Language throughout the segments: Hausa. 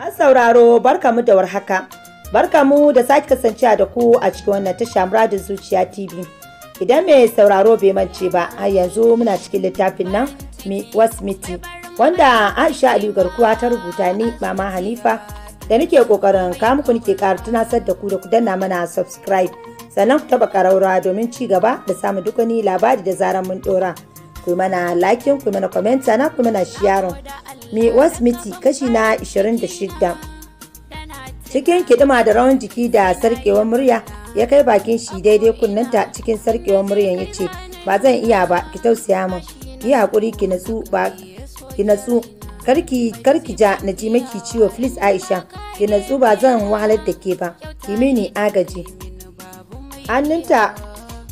An sauraro barka mu da warhaka. Barka mu da sake kasancewa da ku a cikin wannan tasha muradin zuciya TV. Idan mai sauraro bai mance ba, har yanzu muna cikin littafin nan Wasmiti wanda Aisha Aliyu garkuwa ta rubuta ni Mama Hanifa da nake kokarin ka muku nake ƙara tunasar da ku da ku danna mana subscribe sannan ku taba ƙaraura domin ci gaba da samun duk wani labari da zaran mun ɗora. ku mana lakin ku mana komenta na ku mana sharing mi miti kashi na 26 cikin kidima da rawan jiki da sarkewar murya ya kai bakin shi daidai kunnanta cikin sarkewar muryan ya ce ba zan iya ba ki tausaya min yi hakuri ki natsu ba ki natsu karki karki ja na ji miki ciwo please Aisha ki natsu ba zan wahalar da ke ba ki mini agaji hannunta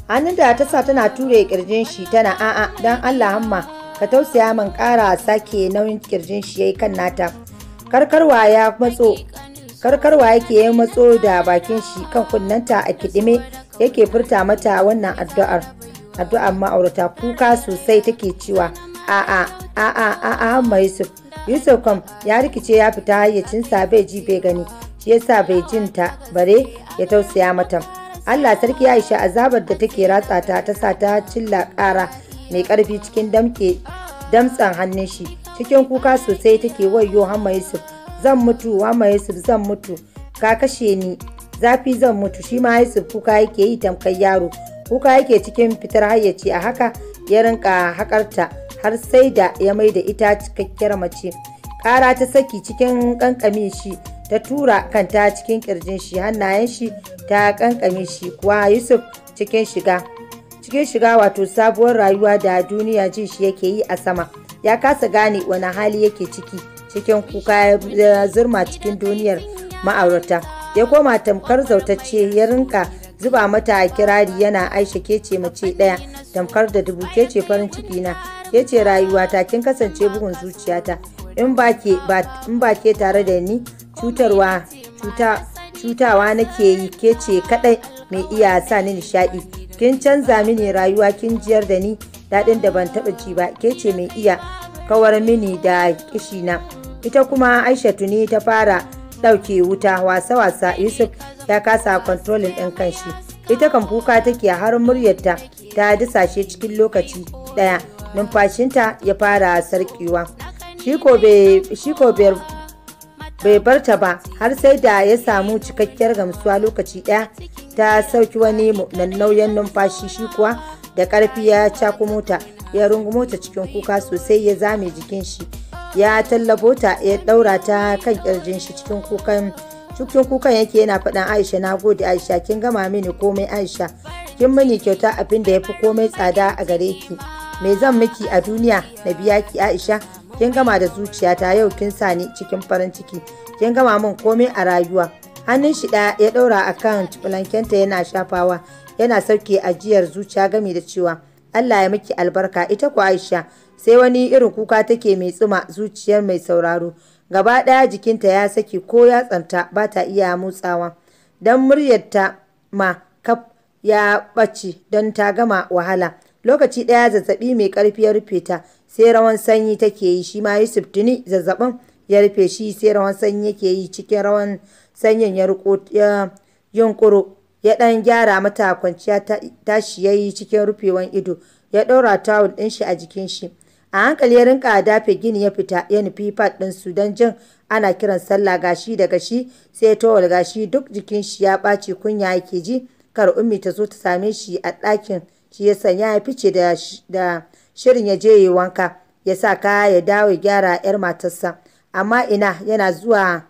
Hannun da ta sa tana ture kirjin shi tana a'a don allah hamma ka tausaya man kara sake nauyin kirjin shi yayi kan nata karkarwa ya matso yake ya matso da bakin shi kan kunnanta a kidime yake furta mata wannan addu'ar addu'ar ma'aurata kuka sosai take cewa a'a a'a a'a hamma yusuf yusuf kam ya rikice ya fita hayyacinsa bai ji bai gani shi yasa bai jin ta bare ya tausaya mata Allah sarki Aisha azabar da take ratsa ta ta sa ta cilla ƙara mai ƙarfi cikin damke damtsan hannun shi cikin kuka sosai take wayo Hamma Yusuf zan mutu Hamma Yusuf zan mutu ka kashe ni zafi zan mutu shi ma Yusuf kuka yake yi tamkar yaro kuka yake cikin fitar hayyaci a haka ya rinka hakarta har sai da ya mai da ita cikakkiyar mace ƙara ta saki cikin ƙanƙamin shi ta tura kanta cikin kirjin shi hannayen shi ta kankame shi kuwa yusuf cikin shiga cikin shiga wato sabuwar rayuwa da duniya ji shi yake yi a sama ya kasa gane wani hali yake ciki cikin kuka ya zurma cikin duniyar ma'aurata ya koma tamkar zautacce ya rinka zuba mata a kirari yana aisha ke ce mace ɗaya tamkar da dubu ke ce farin ciki na ke ce ta kin kasance bugun zuciyata in ba ke tare da ni cutarwa cuta cutawa nake yi ke ce kadai mai iya sa ni nishadi kin canza mini rayuwa kin jiyar da ni dadin da ban taba ji ba ke ce mai iya kawar mini da kishina ita kuma aisha tuni ta fara dauke wuta wasa wasa yusuf ya kasa kontrolin ɗin kanshi ita kan kuka take har muryarta ta disashe cikin lokaci daya numfashinta ya fara sarkewa shi ko bai bar ta ba har sai da ya samu cikakkiyar gamsuwa lokaci ɗaya ta sauki wani nauyin numfashi shi kuwa da ƙarfi ya cako mota ya rungumo ta cikin kuka sosai ya zame jikin shi ya tallabo ta ya ɗaura ta kan ƙirjin shi cikin kukan cikin kukan yake yana faɗan aisha na gode aisha kin gama mini komai aisha kin mini kyauta abin da ya fi komai tsada a gare ki me zan miki a duniya na biya ki aisha kin gama da zuciyata yau kin sa ni cikin farin ciki kin gama min komai a rayuwa hannun shi ɗaya ya ɗaura a kan tubulankenta yana shafawa yana sauke ajiyar zuciya gami da cewa Allah ya miki albarka ita ku Aisha sai wani irin kuka take mai tsuma zuciyar mai sauraro gaba ɗaya jikinta ya saki ko ya tsanta ba ta iya motsawa don muryarta ma kaf ya ɓace don ta gama wahala lokaci ɗaya zazzaɓi mai ƙarfi ya rufe ta sai rawan sanyi take yi shi ma Yusuf tuni zazzabin ya rufe shi sai rawan sanyi yake yi cikin rawan sanyin ya ruko ya yunkuro ya dan gyara mata kwanciya tashi yayi cikin rufewan ido ya ɗaura tawul ɗin shi a jikin shi a hankali ya rinka dafe gini ya fita ya nufi fat ɗin su don jin ana kiran sallah gashi da gashi sai tawul gashi duk jikin shi ya ɓaci kunya yake ji kar ummi ta zo ta same shi a ɗakin shi ya sanya ya fice da shirin ya je yi wanka ya sa kaya ya dawo gyara 'yar matarsa amma ina yana zuwa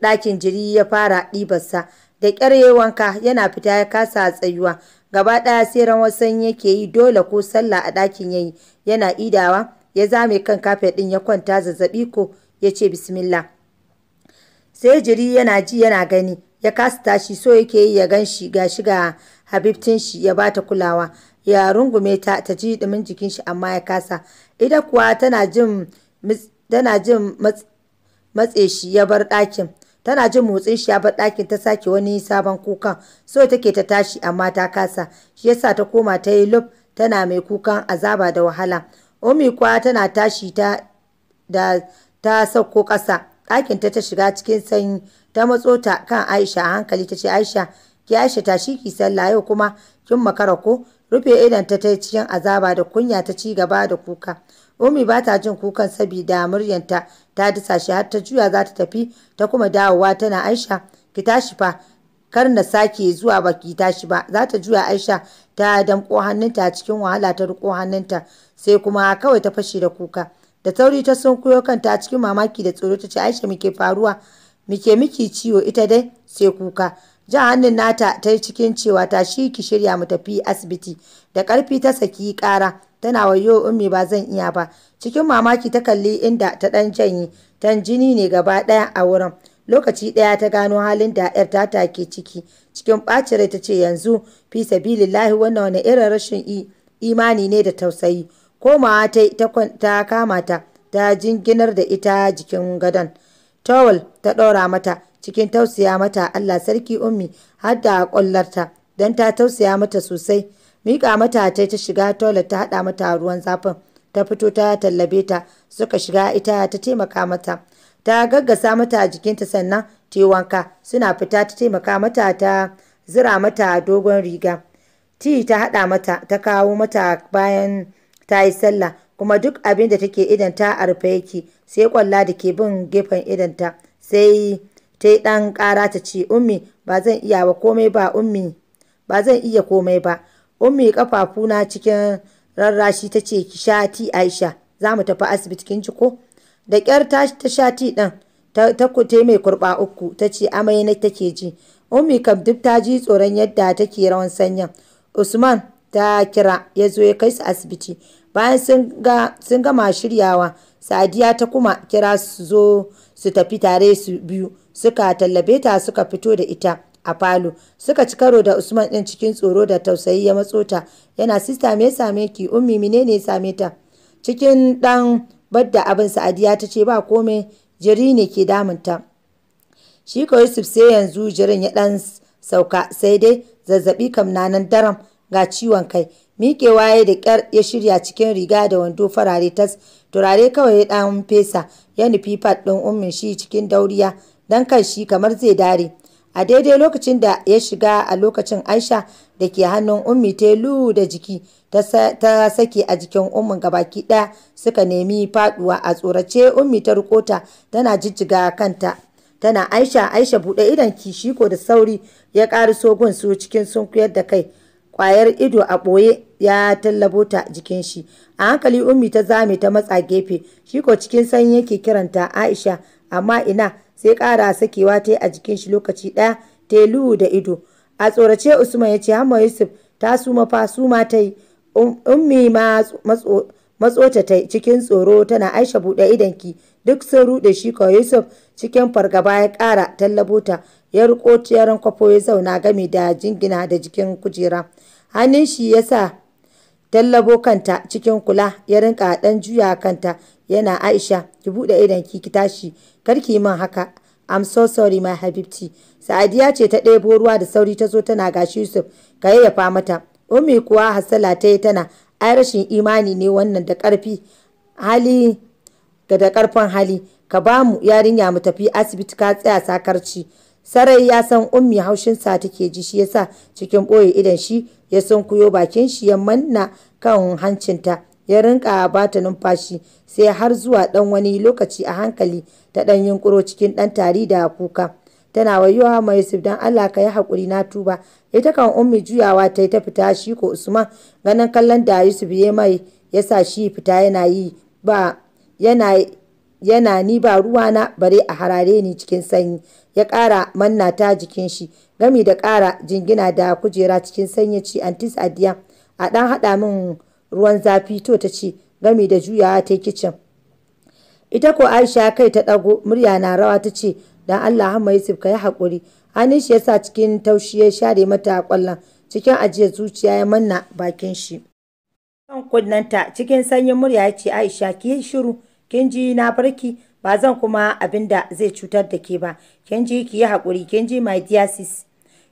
ɗakin jiri ya fara ɗibarsa da ƙyar ya wanka yana fita ya kasa tsayuwa gaba ɗaya sai ran sanyi yake yi dole ko sallah a ɗakin yi yana idawa ya zame kan kafet ɗin ya kwanta zazzaɓi ko ya ce bismillah sai jiri yana ji yana gani ya kasa tashi so yake yi ya gan shi ga shi ga habibtin shi ya bata kulawa ya rungume ta ta ji dumin jikin shi amma ya kasa ita kuwa tana jin tana matse shi ya bar ɗakin tana jin motsin shi ya bar ɗakin ta sake wani sabon kukan so take ta tashi amma ta kasa shi yasa ta koma ta yi lub tana mai kukan azaba da wahala Omi kuwa tana tashi ta da ta sauko ƙasa Ɗakinta ta shiga cikin sanyi ta matso ta kan Aisha a hankali ta ce Aisha ki Aisha ta shi ki sallah yau kuma kin makara ko rufe idan ta tai cikin azaba da kunya ta ci gaba da kuka Umi ba ta jin kukan sabida muryanta ta disa shi har ta juya za ta tafi ta kuma dawowa tana Aisha ki tashi fa kar na sake zuwa ba ki tashi ba za ta juya Aisha ta damƙo hannunta cikin wahala ta riko hannunta sai kuma kawai ta fashe da kuka da tauri ta sunkuyo kanta cikin mamaki da tsoro ta ce Aisha muke faruwa Muke miki ciwo ita dai sai kuka jan hannun nata ta yi cikin cewa ta shi ki shirya mu tafi asibiti da ƙarfi ta saki ƙara tana wayo ummi ba zan iya ba cikin mamaki ta kalli inda ta ɗan janyi tan jini ne gaba ɗaya a wurin lokaci ɗaya ta gano halin da ‘yar ta ke ciki cikin ɓacin rai ta ce yanzu fi sabilillahi wannan wani irin rashin imani ne da tausayi komawa ta ta kama ta ta jinginar da ita jikin gadon towel ta ɗora mata cikin tausaya mata Allah sarki ummi har da ƙwallarta don ta tausaya mata sosai miƙa mata ta ta shiga toilet ta haɗa mata ruwan zafin ta fito ta tallabe ta suka shiga ita ta taimaka mata ta gaggasa mata jikinta sannan ta wanka suna fita ta taimaka mata ta zira mata dogon riga ti ta haɗa mata ta kawo mata bayan ta yi sallah kuma duk abin da take idanta a rufe yake sai kwalla da ke bin gefen idanta sai ta yi ɗan ƙara ta ce ummi ba zan iya ba komai ba ummi ba zan iya komai ba ummi kafafuna cikin rarrashi ta ce ki sha ti aisha za mu tafi asibiti kin ji ko da ƙyar ta sha ti ɗin ta kute mai kurɓa uku ta ce amai na take ji ummi kam duk ta ji tsoron yadda take rawan sanyin usman ta kira ya zo ya kai su asibiti bayan sun gama shiryawa sadiya ta kuma kira su zo su tafi tare su biyu suka tallabe ta suka fito da ita a falo suka ci karo da usman din cikin tsoro da tausayi ya matso ta yana sista me same ki ummi menene ya same ta cikin dan badda abin sa'adiya ta ce ba komai jiri ne ke damunta shi ko yusuf sai yanzu jirin ya dan sauka sai dai zazzabi kam nanan daram ga ciwon kai miƙe waye da ƙyar ya shirya cikin riga da wando farare tas turare kawai ya ɗan fesa ya nufi fat ɗin ummin shi cikin dauriya don kan shi kamar zai dare a daidai lokacin da ya shiga a lokacin aisha da ke hannun ummi ta lu da jiki ta sake a jikin ummin gabaki ɗaya suka nemi faɗuwa a tsorace ummi ta rukota tana jijjiga kanta tana aisha aisha buɗe idon kishiko da sauri ya ƙari sogun su cikin sunkuyar da kai kwayar ido a ɓoye ya tallabo ta jikin shi a hankali ummi ta zame ta matsa gefe shi ko cikin sanyi yake kiranta aisha amma ina sai kara sakewa ta a jikin shi lokaci ɗaya ta yi luhu da ido a tsorace usman ya ce hamma yusuf ta suma fa suma ta yi um, ummi ma matsota ta cikin tsoro tana aisha buɗe idanki duk sun ruɗe shi ko yusuf cikin fargaba ya kara, tallabo ta ya riko tiyaran kwafo ya zauna game da jingina da jikin kujera hannun shi ya sa tallabo kanta cikin kula ya rinka dan juya kanta yana Aisha ki bude idan ki ki tashi kar ki min haka I'm so sorry my habibti Sa'adiya ce ta ɗebo ruwa da sauri ta zo tana gashi Yusuf ka yayyafa mata Ummi kuwa hasala ta yi tana ai rashin imani ne wannan da karfi hali ga da ƙarfin hali ka ba mu yarinya mu tafi asibiti ka tsaya sakarci sarai ya san ummi haushinsa take ji shi yasa cikin boye idan shi ya sunkuyo bakin shi ya manna kan hancinta ya rinka ba ta numfashi sai har zuwa dan wani lokaci a hankali ta dan yunkuro cikin dan tari da kuka tana wayuwa mai yusuf dan Allah ka yi hakuri na tuba ita kan ummi juyawa ta yi ta fita shi ko usman ganin kallon da yusuf ya mai ya shi fita yana yi ba yana yana ni ba ruwana bare a harare ni cikin sanyi ya ƙara manna ta jikin shi gami da ƙara jingina da kujera cikin sanya ce antis adiya a ɗan haɗa min ruwan zafi to ta ce gami da juyawa ta kicin ita ko aisha kai ta ɗago murya na rawa ta ce dan allah hama yusuf ka yi haƙuri hannun shi yasa cikin taushi ya share mata ƙwallon cikin ajiyar zuciya ya manna bakin shi kan kunnanta cikin sanyin murya ya ce aisha ki yi shiru kin ji na barki ba zan kuma abin da zai cutar da ke ba kin ji ki yi haƙuri kin ji my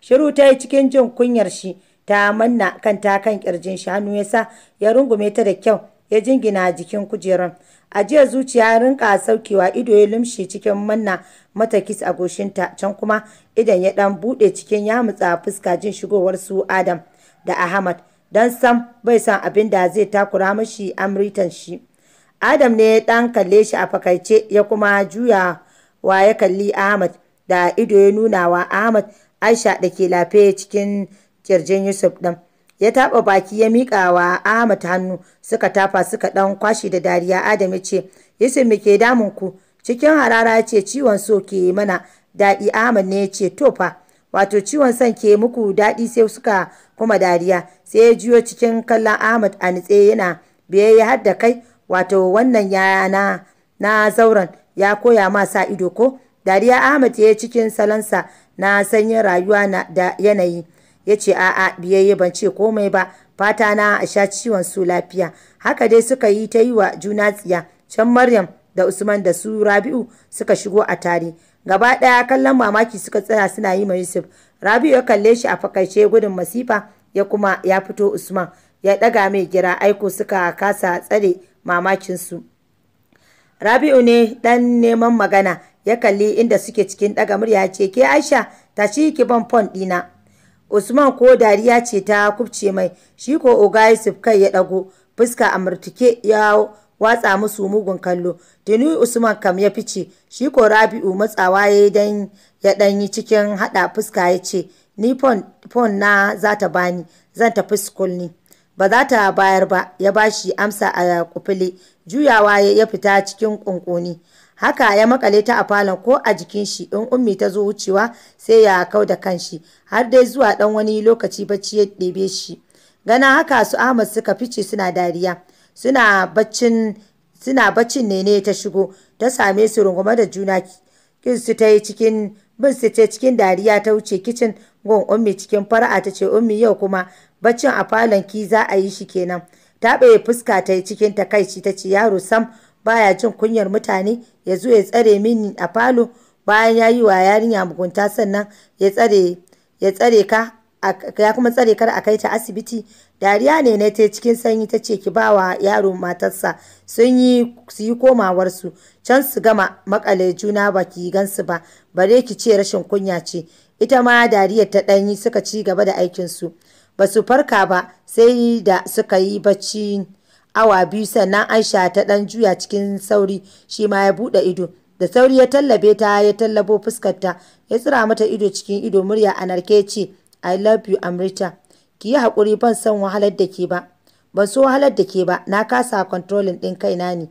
shiru ta yi cikin jin kunyar shi ta manna kanta kan kirjin shi hannu ya sa ya rungume ta da kyau ya jingina jikin kujeran a jiya zuciya rinka saukewa ido ya lumshe cikin manna mata kis a goshinta can kuma idan ya dan bude cikin ya mutsa fuska jin shigowar su adam da ahmad dan sam bai san abin da zai takura mashi amritan shi Adam ne ya ɗan kalle shi a fakaice ya kuma juya wa ya kalli Ahmad da ido ya nuna wa Ahmad Aisha da ke lafe cikin kirjin Yusuf ɗin. Ya taɓa baki ya miƙa wa Ahmad hannu suka tafa suka ɗan kwashi da dariya Adam ya ce Yusuf me ke damun ku cikin harara ya ce ciwon so ke mana daɗi Ahmad ne ya ce to wato ciwon son ke muku daɗi sai suka kuma dariya sai ya juyo cikin kallon Ahmad a nitse yana biyayya har da kai wato wannan yana na zauren ya koya ma sa ido ko dariya ahmad ya yi cikin salansa na sanyin rayuwa da yanayi ya ce a'a biyayye ban ce komai ba fata na a sha ciwon su lafiya haka dai suka yi ta yi wa juna tsiya can maryam da usman da su rabi'u suka shigo a tare gaba ɗaya kallon mamaki suka tsaya suna yi ma yusuf rabi'u ya kalle shi a fakaice gudun masifa ya kuma ya fito usman ya ɗaga mai gira aiko suka kasa tsare mamakinsu. Rabi'u ne ɗan neman magana ya kalli inda suke cikin ɗaga murya ce ke Aisha tashi ki ban fon ɗina. Usman ko dariya ce ta kubce mai shi ko Oga Yusuf kai ya ɗago fuska a murtuke ya watsa musu mugun kallo. Tuni Usman kam ya fice shi ko Rabi'u matsawa ya yi dan ya ɗan yi cikin haɗa fuska ya ce ni fon na zata bani zan tafi sukul ni. ba za ta bayar ba ya bashi amsa a kufile juyawa ya fita cikin kunkuni haka ya makale ta a falon ko a jikin shi in ummi ta zo wucewa sai ya kau da kanshi har dai zuwa dan wani lokaci bacci ya ɗebe shi gana haka su ahmad suka fice suna dariya suna baccin suna baccin ne ne ta shigo ta same su rungume da juna kin su ta yi cikin bin su ta cikin dariya ta wuce kicin gun ummi cikin fara'a ta ce ummi yau kuma baccin a falon ki za a yi shi kenan ta ɓaye fuska ta yi cikin takaici ta ce yaro sam baya jin kunyar mutane ya zo ya tsare mini a falo bayan ya yi wa yarinya mugunta sannan ya tsare ya tsare ka ya kuma tsare kar a kai ta asibiti dariya ne na ta cikin sanyi ta ce ki bawa yaro matarsa sun yi su yi komawarsu can su gama makale juna ba baki gansu ba bare ki ce rashin kunya ce ita ma dariyar ta ɗanyi suka ci gaba da aikinsu ba su farka ba sai da suka yi bacci awa biyu sannan aisha ta ɗan juya cikin sauri shi ma ya buɗe ido da sauri ya tallabe ta ya tallabo fuskarta ya tsira mata ido cikin ido murya a narke ce i love you amrita ki yi haƙuri ban san wahalar da ke ba ban so wahalar da ke ba na kasa controlling ɗin kaina ne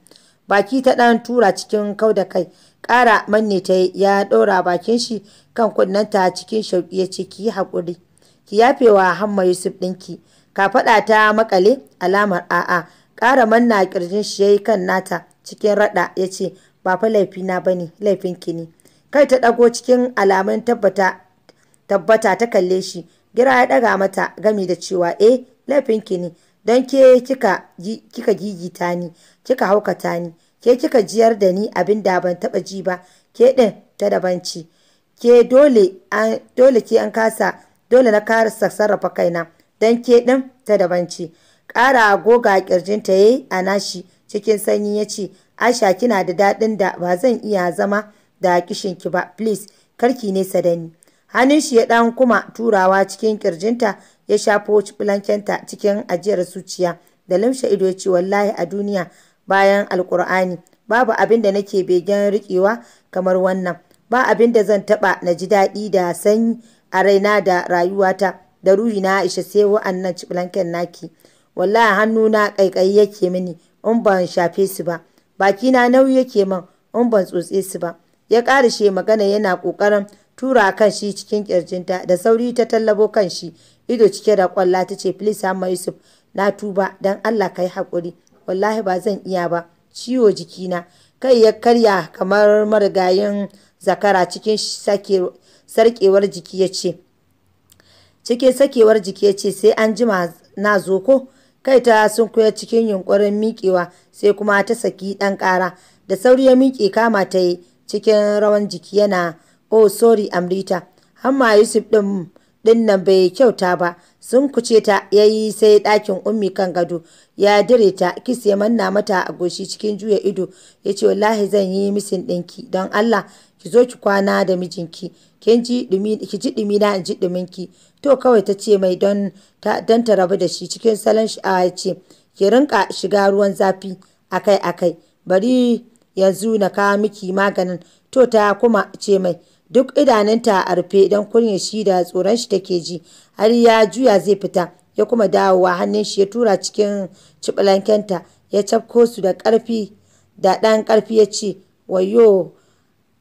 baki ta ɗan tura cikin kau da kai ƙara manne ta ya ɗora bakin shi kan kunnanta cikin shauƙi ya ce ki yi haƙuri ki yafewa hamma yusuf ɗinki ka faɗa ta maƙale? alamar a'a ƙara manna ƙirjin shi ya yi kan nata cikin raɗa ya ce ba fa laifina ba ne Laifin ki ne kai ta ɗago cikin alamun tabbata tabbata ta kalle shi gira ya ɗaga mata gami da cewa eh laifin ki ne don ke kika gigita ni kika haukata ni ke kika jiyar da ni abin da ban taba ji ba ke din ta daban ce ke dole an dole ke an kasa dole na kasa sarrafa kaina dan ke din ta daban ce ƙara goga ƙirjinta ya yi a nashi cikin sanyi yace aisha kina da daɗin da ba zan iya zama da kishin ki ba please karki ne da ni hannun shi ya ɗan kuma turawa cikin ƙirjinta ya shafo blankenta cikin ajiyar zuciya da limshe ido ya ce wallahi a duniya bayan Alkur'ani. Babu abin da nake begen riƙewa kamar wannan. Ba abin da zan taɓa na ji daɗi da sanyi a raina da rayuwata da ruhi na Aisha sai wa'annan ciblanken naki. Wallahi hannuna ƙaiƙayi yake mini in ban shafe su ba. Bakina nauyi yake man in ban tsotse su ba. Ya ƙarishe magana yana ƙoƙarin tura kan shi cikin ƙirjinta da sauri ta tallabo kan shi ido cike da ƙwalla ta ce please Hamma Yusuf na tuba don Allah ka yi haƙuri wallahi ba zan iya ba ciwo jikina kai ya karya kamar marigayin zakara cikin sarkewar jiki ya ce cikin sakewar jiki ya ce sai an jima na zo ko kai ta sun koya cikin yunkurin miƙewa sai kuma ta saki ɗan ƙara da sauri ya miƙe kama ta yi cikin rawan jiki yana oh sorry amrita hamma yusuf ɗin din nan bai kyauta ba sun kuce ta ya yi sai ɗakin ummi kan gado ya dire ta kis ya manna mata a goshi cikin juya ido ya ce wallahi zan yi misin ɗinki don Allah ki zo ki kwana da mijinki ki ji ɗumi na in ji ɗuminki to kawai ta ce mai don ta rabu da shi cikin salon sha'awa ya ce ki rinka shiga ruwan zafi akai akai bari yanzu na kawo miki maganin to ta kuma ce mai duk idanunta a rufe don kunya shi da tsoron shi take ji har ya juya zai fita ya kuma dawowa hannun shi ya tura cikin cibalankenta ya cafko su da ƙarfi da ɗan ƙarfi ya ce wayo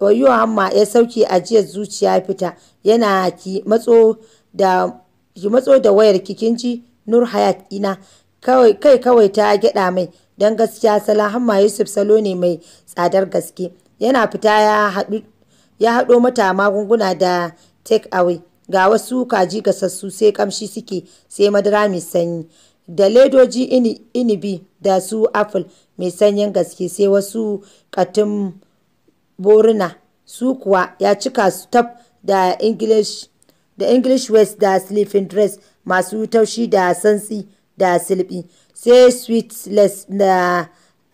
wayo hamma ya sauke ajiyar zuciya ya fita yana ki matso da ki matso wayar kikin ji nur hayat ina kai kawai ta gyaɗa mai don gaskiya sala hamma yusuf salo ne mai tsadar gaske yana fita ya haɗu ya haɗo mata magunguna da take away ga wasu kaji gasassu sai kamshi suke sai madara mai sanyi da ledoji inibi da su apple mai sanyin gaske sai wasu katin boruna su kuwa ya cika su tab da english da english west da sleeping dress masu taushi da santsi da silbi sai sweetless da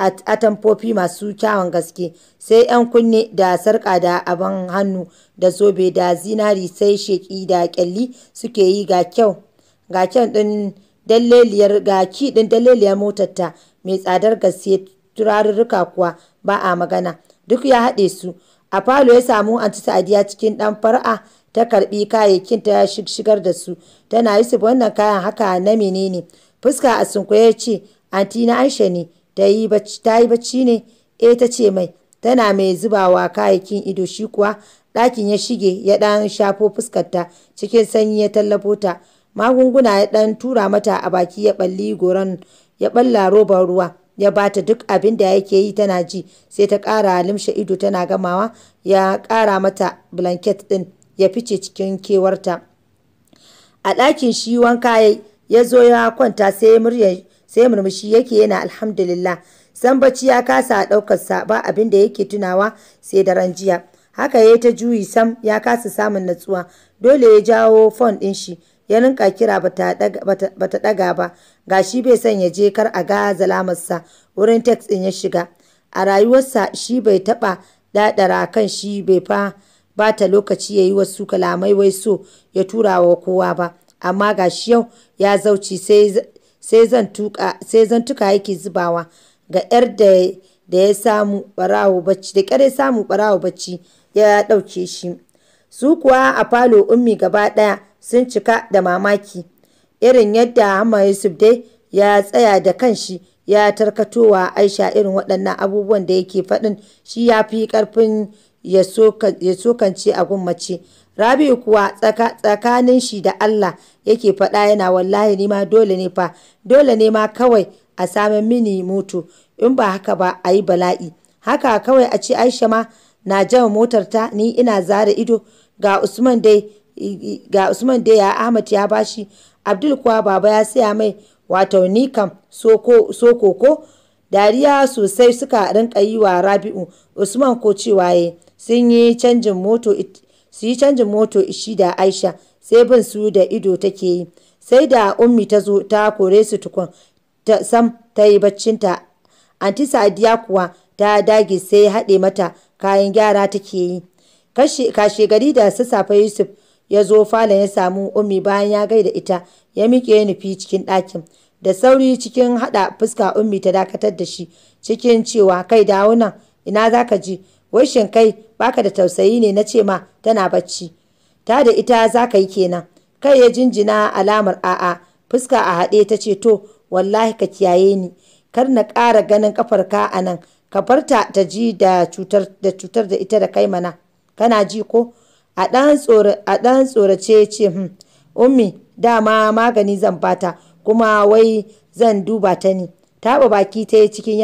atamfofi masu kyawun gaske, sai 'yan kunne da sarƙa da abin hannu da zobe da zinari sai sheƙi da kyalli suke yi ga kyan ɗin dalleliyar motarta mai tsadar gaske turarurruka kuwa ba a magana. Duk ya haɗe su. A falo ya samu Anti Sadiya cikin ɗan fara'a ta karɓi kayayyakin ta shigar da su. Tana yi su wannan kayan haka na menene? Fuska a sunkuye ya ce, Anti na Aisha ne. ta yi bacci ne e ta ce mai tana mai zubawa kayakin ido shi kuwa ɗakin ya shige ya ɗan shafo fuskarta cikin sanyi ya tallafo ta magunguna ya ɗan tura mata a baki ya ɓalli goron ya ɓalla roban ruwa ya bata duk abin da yake yi tana ji sai ta ƙara limshe ido tana gamawa ya ƙara mata blanket ɗin ya fice cikin kewarta a ɗakin shi wanka ya zo ya kwanta sai muryar sai murmushi yake yana alhamdulillah san bacci ya kasa a ɗaukar saba abin da yake tunawa sai daren jiya haka ya ta juyi sam ya kasa samun natsuwa dole ya jawo fon ɗin shi ya rinka kira bata ɗaga ba gashi bai san ya je kar a ga zalamarsa wurin text ɗin ya shiga a rayuwarsa shi bai taɓa daɗara kan shi bai fa ba ta lokaci ya yi wasu kalamai wai so ya tura wa kowa ba amma gashi yau ya zauci sai sai zan tuka yake zubawa ga ‘yar da ya samu barawo bacci ya dauke shi. Su kuwa a falo ummi gaba daya sun cika da mamaki, irin yadda amma Yusuf dai ya tsaya da kanshi ya tarkatowa Aisha irin waɗannan abubuwan da yake faɗin shi ya fi ƙarfin ya sokance a gummace Rabi'u kuwa tsakanin shi da Allah yake faɗa yana wallahi ni ma dole ne fa dole ne ma kawai a sami mini moto in ba haka ba a yi bala'i haka kawai a ce Aisha ma na jan motar ta ni ina zara ido ga Usman dai ga Usman dai ya Ahmad ya bashi Abdul kuwa baba ya saya mai wato ni kam soko soko dariya sosai suka rinka yi wa Rabi'u Usman ko cewa sun yi canjin moto su yi canjin moto ishi da Aisha sai bin su da ido take yi sai da ummi ta zo ta kore su tukun ta sam ta yi baccinta anti Sadiya kuwa ta dage sai haɗe mata kayan gyara take yi kashe gari da sassafe Yusuf ya zo falon ya samu ummi bayan ya gaida ita ya miƙe nufi cikin ɗakin da sauri cikin haɗa fuska ummi ta dakatar da shi cikin cewa kai dawo nan ina za ka ji wai shin kai baka da tausayi ne na ce ma tana bacci ta da ita za ka yi kenan kai ya jinjina alamar a'a fuska a haɗe ta ce to wallahi ka kiyaye ni kar na ƙara ganin ƙafarka a nan ka bar ta ji da cutar da ita da kai mana kana ji ko a ɗan tsorace ce hmm. ummi dama magani zan bata kuma wai zan duba ta ne taɓa baki ta yi cikin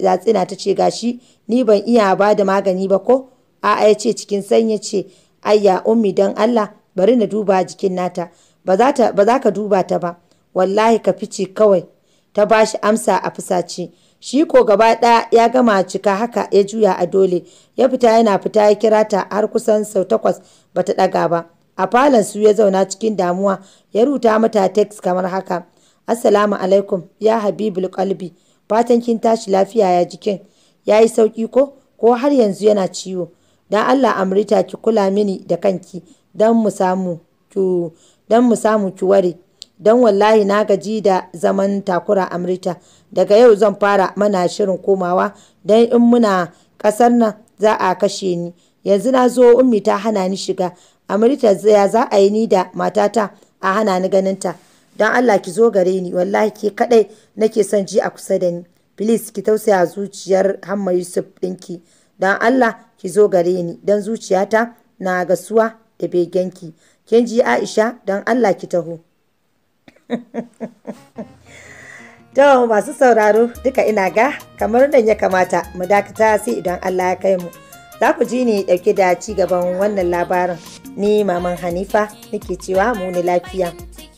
yatsina ta ce gashi ni ban iya ba da magani ba ko a'a ya ce cikin ya ce ayya ummi dan allah bari na duba jikin nata ba za ka duba ta ba wallahi ka fice kawai ta ba shi amsa a fusace shi ko gaba ɗaya ya gama cika haka ya juya a dole ya fita yana fita ya kira ta har kusan sau takwas ba ta ɗaga ba a falon su ya zauna cikin damuwa ya ruta mata text kamar haka assalamu alaikum ya habibul kalbi fatan kin tashi lafiya ya jikin ya yi sauƙi ko ko har yanzu yana ciwo don allah amrita ki kula mini da kanki don mu samu ki don ware don wallahi na gaji da zaman takura amrita daga yau zan fara mana shirin komawa don in muna ƙasar nan za a kashe ni yanzu na zo ummi ta hana ni shiga amrita ya za a yi ni da matata a hana ni ganinta don allah ki zo gare ni wallahi ke kaɗai nake son ji a kusa da ni Please ki tausaya zuciyar Hamma Yusuf ɗinki. Don Allah ki zo gare ni don zuciyata na gasuwa da begenki. Kin ji Aisha don Allah ki taho. To masu sauraro duka ina ga kamar nan ya kamata mu dakata sai idan Allah ya kai mu. Za ku ji ni ɗauke da ci gaban wannan labarin. Ni Maman Hanifa nake cewa mu ni lafiya.